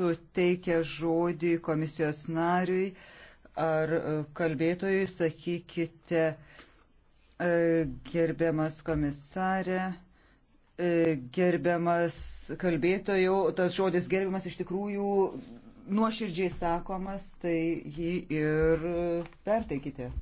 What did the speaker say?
suteikę žodį komisijos nariui ar e, kalbėtojui, sakykite, e, gerbiamas komisarė, e, gerbiamas kalbėtojų, tas žodis gerbiamas iš tikrųjų nuoširdžiai sakomas, tai jį ir perteikite.